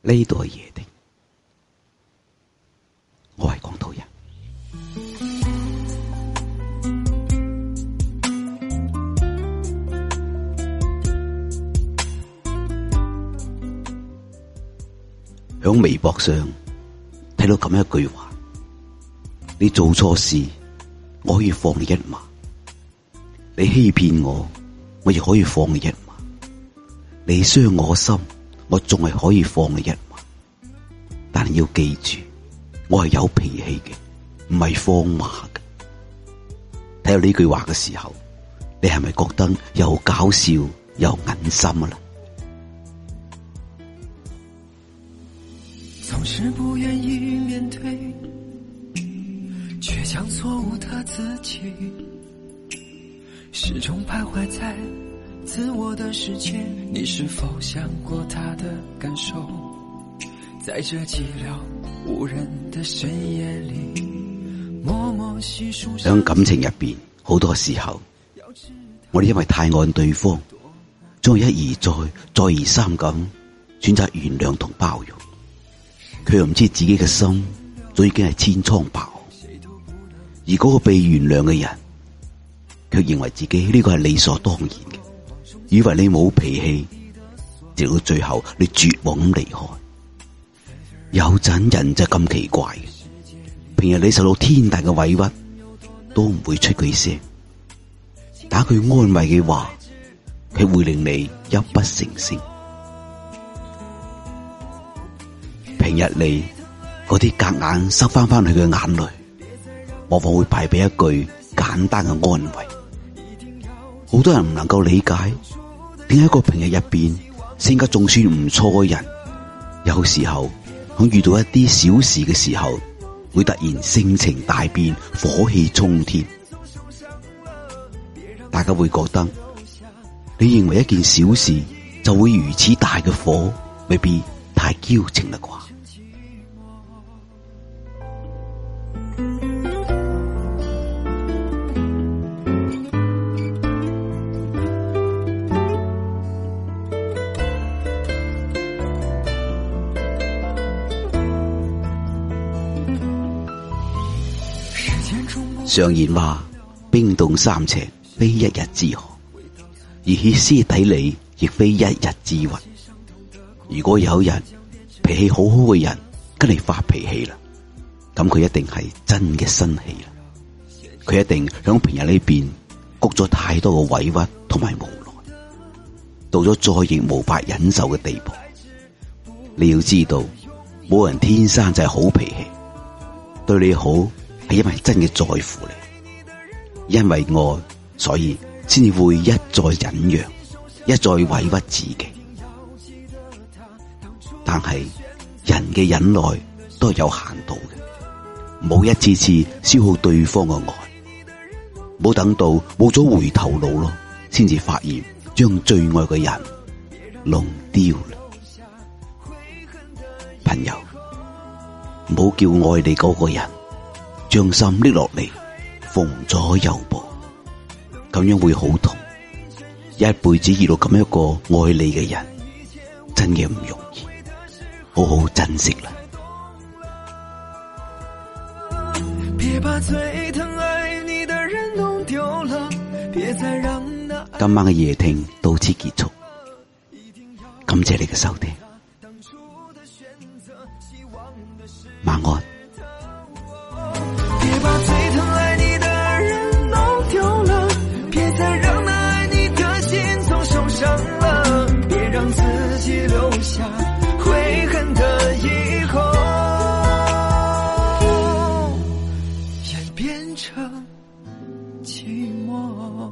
呢度係夜店，我係廣東人。喺微博上睇到咁一句話：你做錯事，我可以放你一馬；你欺騙我，我亦可以放你一馬；你傷我心。我仲係可以放你一馬，但要記住，我係有脾氣嘅，唔係放馬嘅。睇到呢句話嘅時候，你係咪覺得又搞笑又忍心啊啦？總是不願意自我的你是否想過他的感受？在這寂寥無人的深夜裏，默默細細細細細細喺感情入邊，好多時候，我哋因為太愛對方，再一而再、再而三咁選擇原諒同包容，佢又唔知自己嘅心早已經係千瘡百孔，而嗰個被原諒嘅人，卻認為自己呢、這個係理所當然嘅。以為你冇脾氣，直到最後你絕望咁離開。有陣人就咁奇怪，平日你受到天大嘅委屈，都唔會出句聲，打句安慰嘅話，佢會令你泣不成聲。平日你嗰啲夾硬收翻翻去嘅眼淚，往往會敗俾一句簡單嘅安慰。好多人唔能夠理解。點解一個平日入邊，性格仲算唔錯嘅人，有時候響遇到一啲小事嘅時候，會突然性情大變，火氣沖天。大家會覺得，你認為一件小事就會如此大嘅火，未必太矯情啦啩。常言話，冰凍三尺，非一日之寒；而歇斯底里，亦非一日之云。如果有日脾氣好好嘅人，跟你發脾氣啦，咁佢一定係真嘅生氣啦。佢一定響平日裏邊，谷咗太多嘅委屈同埋無奈，到咗再亦無法忍受嘅地步。你要知道，冇人天生就係好脾氣，對你好。係因為真嘅在乎你，因為愛，所以先至會一再忍讓，一再委屈自己。但係人嘅忍耐都係有限度嘅，冇一次次消耗對方嘅愛，冇等到冇咗回頭路咯，先至發現將最愛嘅人弄丟。朋友，唔好叫愛你嗰個人。將心拎落嚟，縫左右部，咁樣會好痛。一輩子遇到咁一個愛你嘅人，真嘅唔容易，好好珍惜啦。今晚嘅夜聽到此結束，感謝你嘅收聽。變成寂寞。